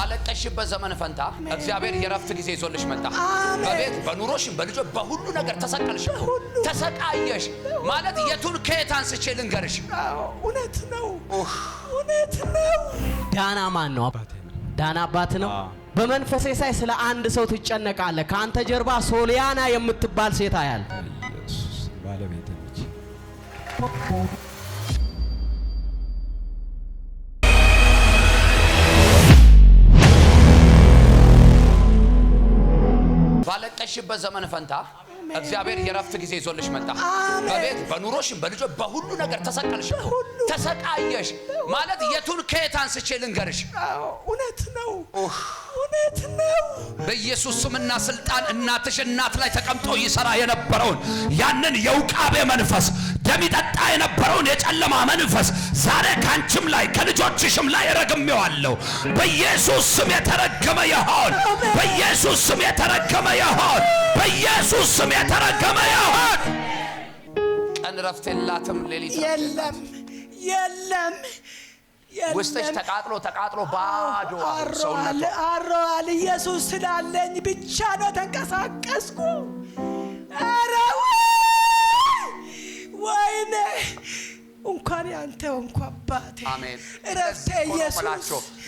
ባለቀሽበት ዘመን ፈንታ እግዚአብሔር የረፍት ጊዜ ይዞልሽ መጣ። በቤት በኑሮሽ፣ በልጆች፣ በሁሉ ነገር ተሰቀልሽ፣ ተሰቃየሽ። ማለት የቱን ከየት አንስቼ ልንገርሽ? እውነት ነው፣ እውነት ነው። ዳና ማን ነው? ዳና አባት ነው። በመንፈሴ ሳይ ስለ አንድ ሰው ትጨነቃለህ። ከአንተ ጀርባ ሶሊያና የምትባል ሴት አያል በሚያሽበት ዘመን ፈንታ እግዚአብሔር የረፍት ጊዜ ይዞልሽ መጣ። በቤት በኑሮሽ፣ በልጆ በሁሉ ነገር ተሰቀልሽ፣ ተሰቃየሽ። ማለት የቱን ከየት አንስቼ ልንገርሽ? እውነት ነው፣ እውነት ነው። በኢየሱስ ስምና ስልጣን እናትሽ እናት ላይ ተቀምጦ ይሰራ የነበረውን ያንን የውቃቤ መንፈስ የሚጠጣ የነበረውን የጨለማ መንፈስ ዛሬ ካንቺም ላይ ከልጆችሽም ላይ ረግሜዋለሁ። በኢየሱስ ስም የተረገመ ይሁን። በኢየሱስ ስም የተረገመ ይሁን። በኢየሱስ ስም የተረገመ ይሁን። ቀን ረፍት የላትም፣ ሌሊት የለም፣ የለም። ውስጥሽ ተቃጥሎ ተቃጥሎ ባዶ አሮዋል። ኢየሱስ ስላለኝ ብቻ ነው ተንቀሳቀስኩ። ተወንኩ አባቴ። እረፍቴ ኢየሱስ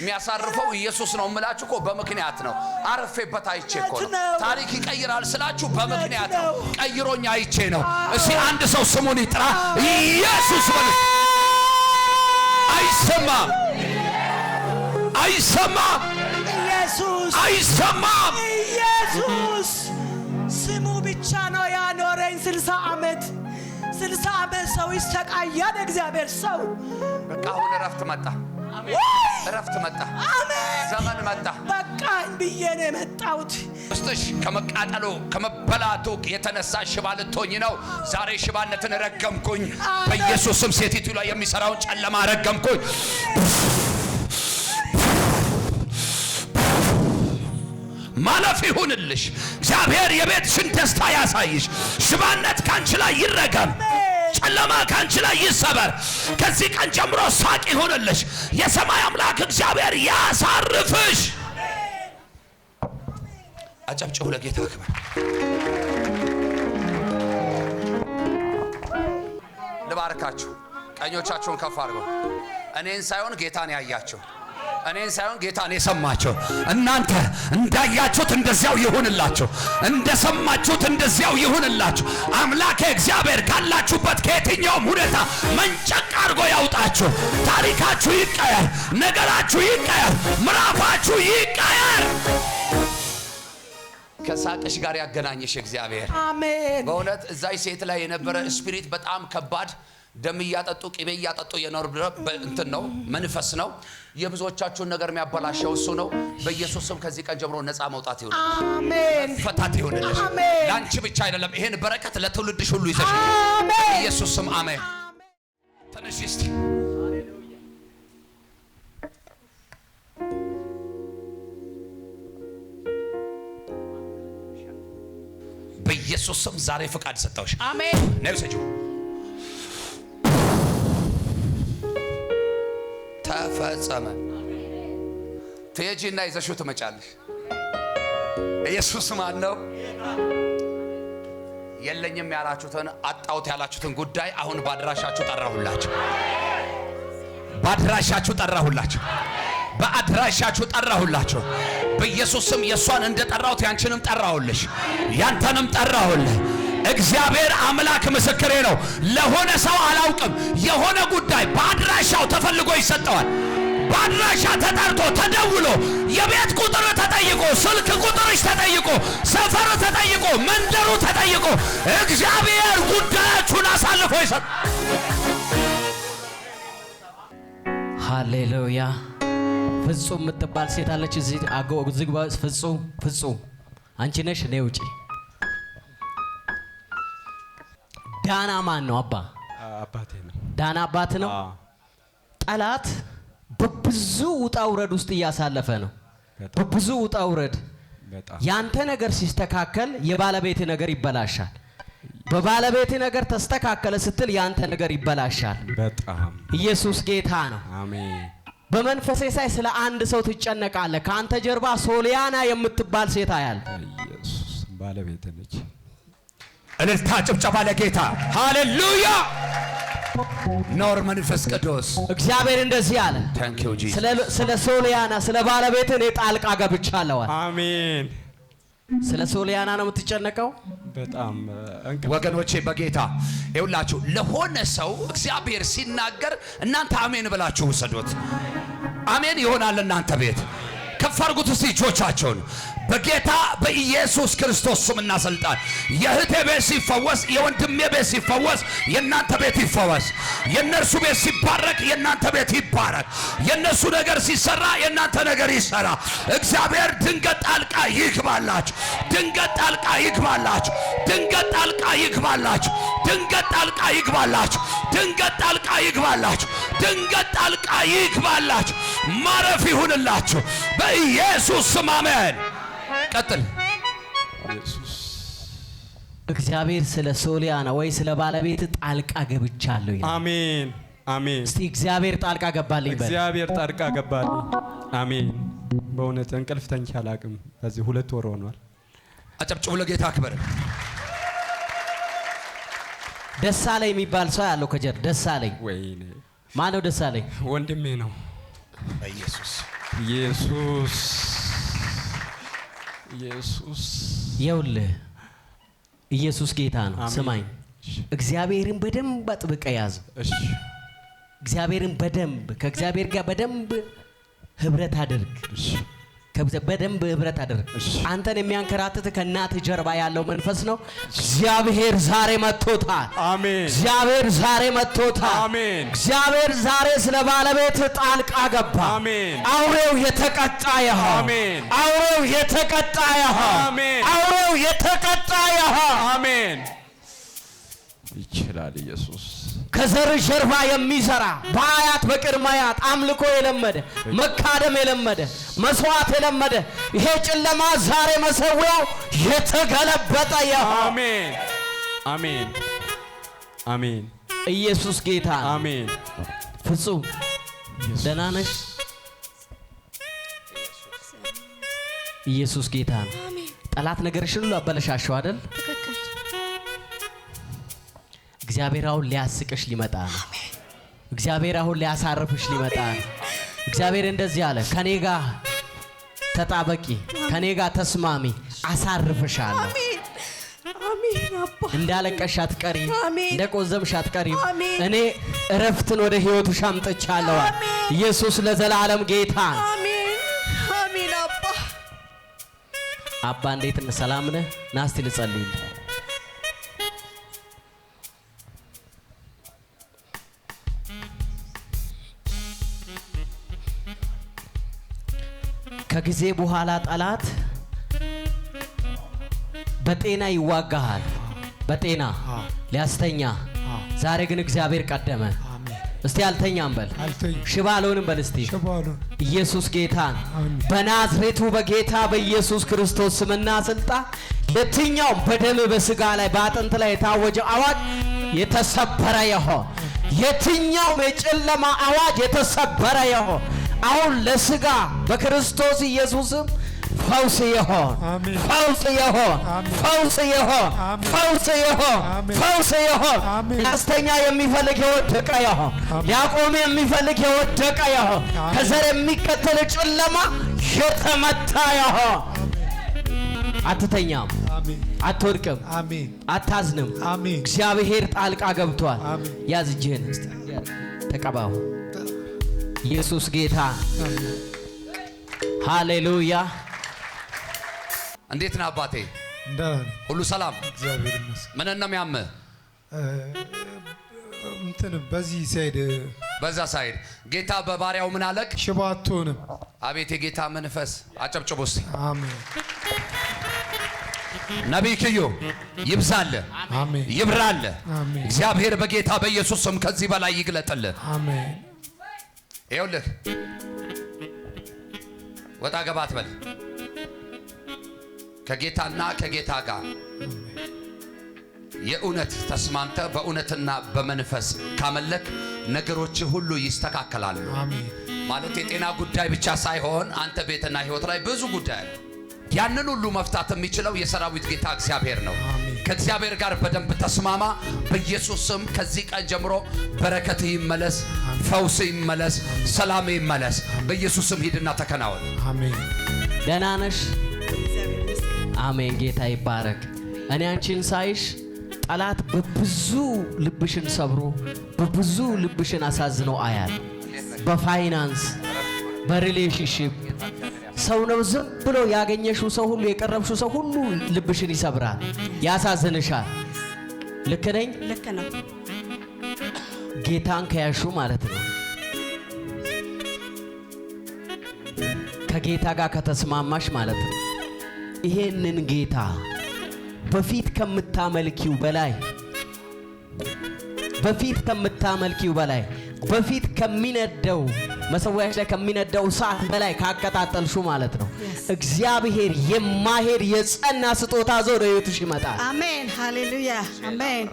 የሚያሳርፈው ኢየሱስ ነው የምላችሁ እኮ በምክንያት ነው። አረፌበት አይቼ እኮ ነው። ታሪክ ይቀይራል ስላችሁ በምክንያት ነው። ቀይሮኝ አይቼ ነው። እስቲ አንድ ሰው ስሙን ይጥራ ኢየሱስ በል። አይሰማም፣ አይሰማም፣ አይሰማም ኢየሱስ ይሰቃያል። እግዚአብሔር ሰው በቃ አሁን እረፍት መጣ፣ እረፍት መጣ፣ ዘመን መጣ። በቃ ብዬ ነው የመጣሁት። ውስጥሽ ከመቃጠሉ ከመበላቱ የተነሳ ሽባ ልትሆኝ ነው። ዛሬ ሽባነትን ረገምኩኝ በኢየሱስ ስም። ሴቲቱ ላይ የሚሰራውን ጨለማ ረገምኩኝ። ማለፍ ይሁንልሽ። እግዚአብሔር የቤትሽን ደስታ ያሳይሽ። ሽባነት ካንቺ ላይ ይረገም። ጨለማ ከአንቺ ላይ ይሰበር። ከዚህ ቀን ጀምሮ ሳቅ ይሆንልሽ። የሰማይ አምላክ እግዚአብሔር ያሳርፍሽ። አጨብጭሁ ለጌታ ክብር። ልባርካችሁ። ቀኞቻችሁን ከፍ አድርገው። እኔን ሳይሆን ጌታን ያያቸው። እኔን ሳይሆን ጌታን የሰማቸው እናንተ እንዳያችሁት እንደዚያው ይሁንላችሁ፣ እንደሰማችሁት እንደዚያው ይሁንላችሁ። አምላክ እግዚአብሔር ካላችሁበት ከየትኛውም ሁኔታ መንጨቅ አድርጎ ያውጣችሁ። ታሪካችሁ ይቀየር፣ ነገራችሁ ይቀየር፣ ምዕራፋችሁ ይቀየር። ከሳቅሽ ጋር ያገናኘሽ እግዚአብሔር አሜን። በእውነት እዛች ሴት ላይ የነበረ ስፒሪት በጣም ከባድ ደም እያጠጡ ቅቤ እያጠጡ የኖር እንትን ነው፣ መንፈስ ነው። የብዙዎቻችሁን ነገር የሚያበላሸው እሱ ነው። በኢየሱስም ከዚህ ቀን ጀምሮ ነፃ መውጣት ይሁንልሽ፣ ፈታት ይሁንልሽ። ለአንቺ ብቻ አይደለም፣ ይሄን በረከት ለትውልድሽ ሁሉ ይዘሽ ኢየሱስም አሜን። ተነሽ እስቲ በኢየሱስም ዛሬ ፍቃድ ሰጠውሽ። አሜን ነው ተፈጸመ። ትሄጂና ይዘሽው ትመጫለሽ። ኢየሱስ ማን ነው? የለኝም ያላችሁትን አጣሁት ያላችሁትን ጉዳይ አሁን ባድራሻችሁ ጠራሁላችሁ፣ ባድራሻችሁ ጠራሁላችሁ፣ በአድራሻችሁ ጠራሁላችሁ። በኢየሱስም የእሷን እንደጠራሁት ያንችንም ጠራሁልሽ፣ ያንተንም ጠራሁልህ። እግዚአብሔር አምላክ ምስክሬ ነው። ለሆነ ሰው አላውቅም፣ የሆነ ጉዳይ በአድራሻው ተፈልጎ ይሰጠዋል። በአድራሻ ተጠርቶ ተደውሎ የቤት ቁጥር ተጠይቆ ስልክ ቁጥርሽ ተጠይቆ ሰፈር ተጠይቆ መንደሩ ተጠይቆ እግዚአብሔር ጉዳያችሁን አሳልፎ ይሰጥ። ሃሌሉያ። ፍጹም የምትባል ሴት አለች እዚህ አጎ ዝግባ። ፍጹም ፍጹም አንቺ ነሽ፣ እኔ ውጪ ዳና ማን ነው? አባ አባቴ ነው። ዳና አባት ነው። ጠላት በብዙ ውጣ ውረድ ውስጥ እያሳለፈ ነው። በብዙ ውጣ ውረድ ያንተ ነገር ሲስተካከል የባለቤት ነገር ይበላሻል። በባለቤት ነገር ተስተካከለ ስትል ያንተ ነገር ይበላሻል። በጣም ኢየሱስ ጌታ ነው። አሜን። በመንፈሴ ሳይ ስለ አንድ ሰው ትጨነቃለህ። ከአንተ ጀርባ ሶሊያና የምትባል ሴት አያል ባለቤት ነች እልልታ ጭብጨባ ለጌታ ሃሌሉያ። ኖር መንፈስ ቅዱስ እግዚአብሔር እንደዚህ አለ። ስለ ሶልያና ስለ ባለቤት እኔ ጣልቃ ገብቻለዋል። አሜን። ስለ ሶልያና ነው የምትጨነቀው? በጣም ወገኖቼ፣ በጌታ ይውላችሁ። ለሆነ ሰው እግዚአብሔር ሲናገር እናንተ አሜን ብላችሁ ውሰዱት። አሜን ይሆናል። እናንተ ቤት ከፍ አድርጉት እስቲ በጌታ በኢየሱስ ክርስቶስ ስምና ስልጣን የእህቴ ቤት ሲፈወስ፣ የወንድሜ ቤት ሲፈወስ፣ የእናንተ ቤት ይፈወስ። የእነርሱ ቤት ሲባረክ፣ የእናንተ ቤት ይባረክ። የእነሱ ነገር ሲሰራ፣ የእናንተ ነገር ይሰራ። እግዚአብሔር ድንገት ጣልቃ ይግባላችሁ። ድንገት ጣልቃ ይግባላችሁ። ድንገት ጣልቃ ይግባላችሁ። ድንገት ጣልቃ ይግባላችሁ። ድንገት ጣልቃ ይግባላችሁ። ድንገት ጣልቃ ይግባላችሁ። ማረፍ ይሁንላችሁ በኢየሱስ ስም አሜን። ቀጥል። እግዚአብሔር ስለ ሶሊያና ወይ ስለ ባለቤት ጣልቃ ገብቻለሁ አሜን አሜን። እስቲ እግዚአብሔር ጣልቃ ገባልኝ በል። እግዚአብሔር ጣልቃ ገባልኝ። አሜን። በእውነት እንቅልፍ ተኝቼ አላቅም። ከዚህ ሁለት ወር ሆኗል። አጨብጭቡ ለጌታ አክበር። ደሳለኝ የሚባል ሰው ያለው ከጀር ደሳለኝ ወይኔ፣ ማነው ደሳለኝ? ወንድሜ ነው። ኢየሱስ ኢየሱስ ኢየሱስ ይኸውልህ፣ ኢየሱስ ጌታ ነው። ስማኝ፣ እግዚአብሔርን በደንብ አጥብቀ ያዘው። እግዚአብሔርን በደንብ ከእግዚአብሔር ጋር በደንብ ህብረት አድርግ። በደንብ ህብረት አድርግ። አንተን የሚያንከራትት ከእናት ጀርባ ያለው መንፈስ ነው። እግዚአብሔር ዛሬ መጥቶታል። አሜን። እግዚአብሔር ዛሬ መጥቶታል። አሜን። እግዚአብሔር ዛሬ ስለ ባለቤት ጣልቃ ገባ። አሜን። አውሬው የተቀጣ ይሃ። አሜን። አውሬው የተቀጣ ይሃ። አሜን። አውሬው የተቀጣ ይሃ። አሜን። ይችላል ኢየሱስ ከዘር ጀርባ የሚሰራ በአያት በቅድመ አያት አምልኮ የለመደ መካደም የለመደ መስዋዕት የለመደ ይሄ ጨለማ ዛሬ መሰዊያው የተገለበጠ አሜን፣ አሜን፣ አሜን። ኢየሱስ ጌታ አሜን። ፍጹም ደህና ነሽ? ኢየሱስ ጌታ ነው። ጠላት ነገርሽን ሁሉ አበለሻሸው አይደል? እግዚአብሔር አሁን ሊያስቅሽ ሊመጣ ነው። እግዚአብሔር አሁን ሊያሳርፍሽ ሊመጣ ነው። እግዚአብሔር እንደዚህ አለ፣ ከኔ ጋር ተጣበቂ፣ ከኔ ጋር ተስማሚ፣ አሳርፍሻለሁ። እንዳለቀሽ አትቀሪ፣ እንደቆዘምሽ አትቀሪ። እኔ እረፍትን ወደ ህይወቱ አምጥቻለሁ። ኢየሱስ ለዘላለም ጌታ። አሜን። አባ አባ፣ እንዴት ነህ? ሰላም ነህ? ናስቲ ልጸልይልህ ከጊዜ በኋላ ጠላት በጤና ይዋጋሃል፣ በጤና ሊያስተኛ። ዛሬ ግን እግዚአብሔር ቀደመ። እስቲ አልተኛም በል፣ ሽባ አልሆንም በል። እስቲ ኢየሱስ ጌታን በናዝሬቱ በጌታ በኢየሱስ ክርስቶስ ስምና ስልጣን የትኛውም በደም በስጋ ላይ በአጥንት ላይ የታወጀ አዋጅ የተሰበረ ይሆን። የትኛውም የጨለማ አዋጅ የተሰበረ ይሆን። አሁን ለስጋ በክርስቶስ ኢየሱስም ፈውስ የሆን ፈውስ የሆን ፈውስ የሆን ፈውስ የሆን ፈውስ የሆን ቀስተኛ የሚፈልግ የወደቀ የሆን ሊያቆም የሚፈልግ የወደቀ የሆን ከዘር የሚከተል ጨለማ የተመታ የሆን አትተኛም፣ አትወድቅም፣ አታዝንም። እግዚአብሔር ጣልቃ ገብቷል። ያዝ እጅህን ኢየሱስ ጌታ። ሃሌሉያ። እንዴት ነህ አባቴ? ሁሉ ሰላም? እግዚአብሔር ይመስገን። ምን ነው የሚያምህ? እንትን በዚህ ሳይድ በዛ ሳይድ ጌታ በባሪያው ምን አለቅ ሽባ አትሆንም። አቤት የጌታ መንፈስ አጨብጭቦ እስቲ አሜን። ነቢይ ክዩ ይብዛል፣ ይብራል። እግዚአብሔር በጌታ በኢየሱስ ስም ከዚህ በላይ ይግለጥልህ። አሜን። ይኸውልህ ወጣ ገባ አትበል። ከጌታና ከጌታ ጋር የእውነት ተስማምተ በእውነትና በመንፈስ ካመለክ ነገሮች ሁሉ ይስተካከላሉ። ማለት የጤና ጉዳይ ብቻ ሳይሆን አንተ ቤትና ህይወት ላይ ብዙ ጉዳይ ያንን ሁሉ መፍታት የሚችለው የሰራዊት ጌታ እግዚአብሔር ነው። ከእግዚአብሔር ጋር በደንብ ተስማማ። በኢየሱስ ስም ከዚህ ቀን ጀምሮ በረከት ይመለስ። ፈውስ ይመለስ፣ ሰላም ይመለስ። በኢየሱስም ሂድና ተከናወን። አሜን። ደህና ነሽ? አሜን። ጌታ ይባረክ። እኔ አንቺን ሳይሽ ጠላት በብዙ ልብሽን ሰብሮ በብዙ ልብሽን አሳዝነው አያል በፋይናንስ በሪሌሽንሽፕ ሰው ነው ዝም ብሎ ያገኘሽው ሰው ሁሉ የቀረብሽው ሰው ሁሉ ልብሽን ይሰብራል፣ ያሳዝንሻል። ልክ ነኝ? ልክ ነው። ጌታን ከያሹ ማለት ነው። ከጌታ ጋር ከተስማማሽ ማለት ነው። ይሄንን ጌታ በፊት ከምታመልኪው በላይ በፊት ከምታመልኪው በላይ በፊት ከሚነደው መሰዊያሽ ላይ ከሚነደው እሳት በላይ ካቀጣጠልሹ ማለት ነው። እግዚአብሔር የማሄድ የጸና ስጦታ ይዞ ወደ ሕይወትሽ ይመጣል። አሜን፣ ሃሌሉያ፣ አሜን።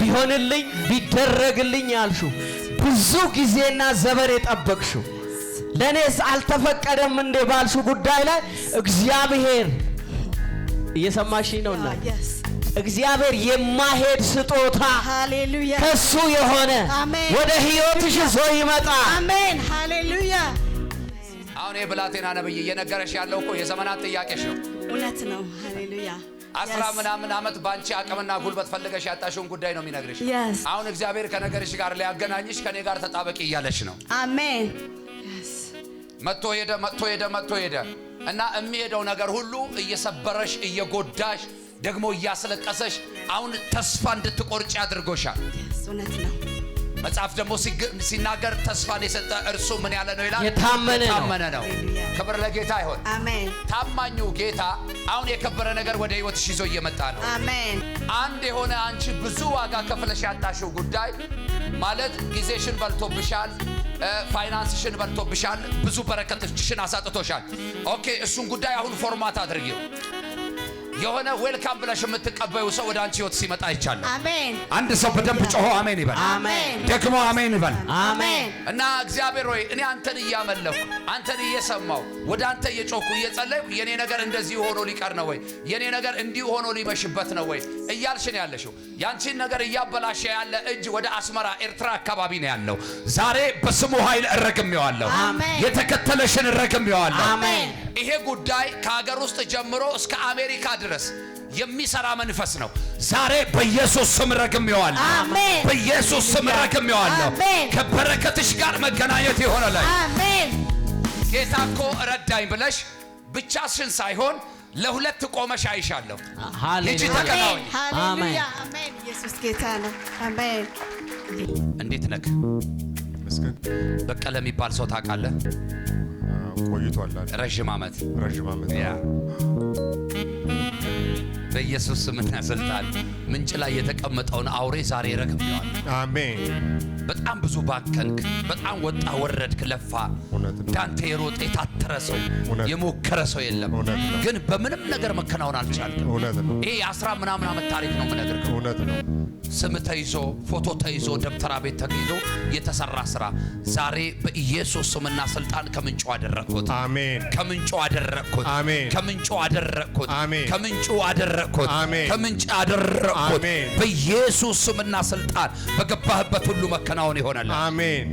ቢሆንልኝ ቢደረግልኝ ያልሹ ብዙ ጊዜና ዘበር የጠበቅሹ ለእኔስ አልተፈቀደም እንዴ ባልሹ ጉዳይ ላይ እግዚአብሔር እየሰማሽ ነውና ah, እግዚአብሔር የማሄድ ስጦታ ሃሌሉያ ከሱ የሆነ ወደ ህይወትሽ ይዞ ይመጣ። አሜን ሃሌሉያ። አሁን የብላቴና ነብይ እየነገረሽ ያለው እኮ የዘመናት ጥያቄሽ ነው። እውነት ነው። ሃሌሉያ አስራ ምናምን ዓመት ባንቺ አቅምና ጉልበት ፈልገሽ ያጣሽውን ጉዳይ ነው የሚነግርሽ። አሁን እግዚአብሔር ከነገርሽ ጋር ሊያገናኝሽ ከኔ ጋር ተጣበቂ እያለሽ ነው። አሜን። መጥቶ ሄደ፣ መጥቶ ሄደ፣ መጥቶ ሄደ እና የሚሄደው ነገር ሁሉ እየሰበረሽ እየጎዳሽ ደግሞ እያስለቀሰሽ አሁን ተስፋ እንድትቆርጭ አድርጎሻል። እውነት ነው። መጽሐፍ ደግሞ ሲናገር ተስፋን የሰጠ እርሱ ምን ያለ ነው ይላል? የታመነ ነው። ክብር ለጌታ ይሆን። አሜን። ታማኙ ጌታ አሁን የከበረ ነገር ወደ ህይወትሽ ይዞ እየመጣ ነው። አሜን። አንድ የሆነ አንቺ ብዙ ዋጋ ከፍለሽ ያጣሽው ጉዳይ ማለት ጊዜሽን በልቶብሻል፣ ፋይናንስሽን በልቶብሻል፣ ብዙ በረከትሽን አሳጥቶሻል። ኦኬ፣ እሱን ጉዳይ አሁን ፎርማት አድርጊው። የሆነ ዌልካም ብለሽ የምትቀበዩ ሰው ወደ አንቺ ህይወት ሲመጣ ይቻላል። አሜን። አንድ ሰው በደንብ ጮሆ አሜን ይበል። አሜን። ደግሞ አሜን ይበል። አሜን። እና እግዚአብሔር ሆይ እኔ አንተን እያመለኩ አንተን እየሰማው ወደ አንተ እየጮኩ እየጸለይኩ የኔ ነገር እንደዚህ ሆኖ ሊቀር ነው ወይ የኔ ነገር እንዲሁ ሆኖ ሊመሽበት ነው ወይ እያልሽ ነው ያለሽው። ያንቺን ነገር እያበላሸ ያለ እጅ ወደ አስመራ ኤርትራ አካባቢ ነው ያለው። ዛሬ በስሙ ኃይል እረግሜዋለሁ። የተከተለሽን እረግሜዋለሁ። አሜን። ይሄ ጉዳይ ከሀገር ውስጥ ጀምሮ እስከ አሜሪካ ድረስ የሚሰራ መንፈስ ነው። ዛሬ በኢየሱስ ስም ረግሜዋለሁ። አሜን። በኢየሱስ ስም ረግሜዋለሁ። ከበረከትሽ ጋር መገናኘት ይሆናል። አሜን። ጌታ እኮ ረዳኝ ብለሽ ብቻሽን ሳይሆን ለሁለት ቆመሽ አይሻለሁ። ሃሌሉያ ተቀናወኝ። ሃሌሉያ። አሜን። ኢየሱስ ጌታ ነው። አሜን። እንዴት ነክ በቀለ የሚባል ሰው ታውቃለህ? ቆይቷል። ረዥም ዓመት ረዥም ዓመት ያ በኢየሱስ ስም እናሰልጣል። ምንጭ ላይ የተቀመጠውን አውሬ ዛሬ ረግመዋል። አሜን። በጣም ብዙ ባከንክ፣ በጣም ወጣ ወረድክ፣ ለፋ። እንዳንተ የሮጠ የታተረ ሰው የሞከረ ሰው የለም፣ ግን በምንም ነገር መከናወን አልቻልክም። ይሄ የአስራ ምናምን ዓመት ታሪክ ነው የምነግርህ። እውነት ነው። ስም ተይዞ ፎቶ ተይዞ ደብተራ ቤት ተይዞ የተሰራ ስራ ዛሬ በኢየሱስ ስምና ስልጣን ከምንጩ አደረግኩት። አሜን። ከምንጩ አደረግኩት። አሜን። ከምንጩ አደረግኩት። አሜን። ከምንጩ አደረግኩት። አሜን። ከምንጩ አደረግኩት። በኢየሱስ ስምና ስልጣን በገባህበት ሁሉ መከናወን ይሆናል። አሜን።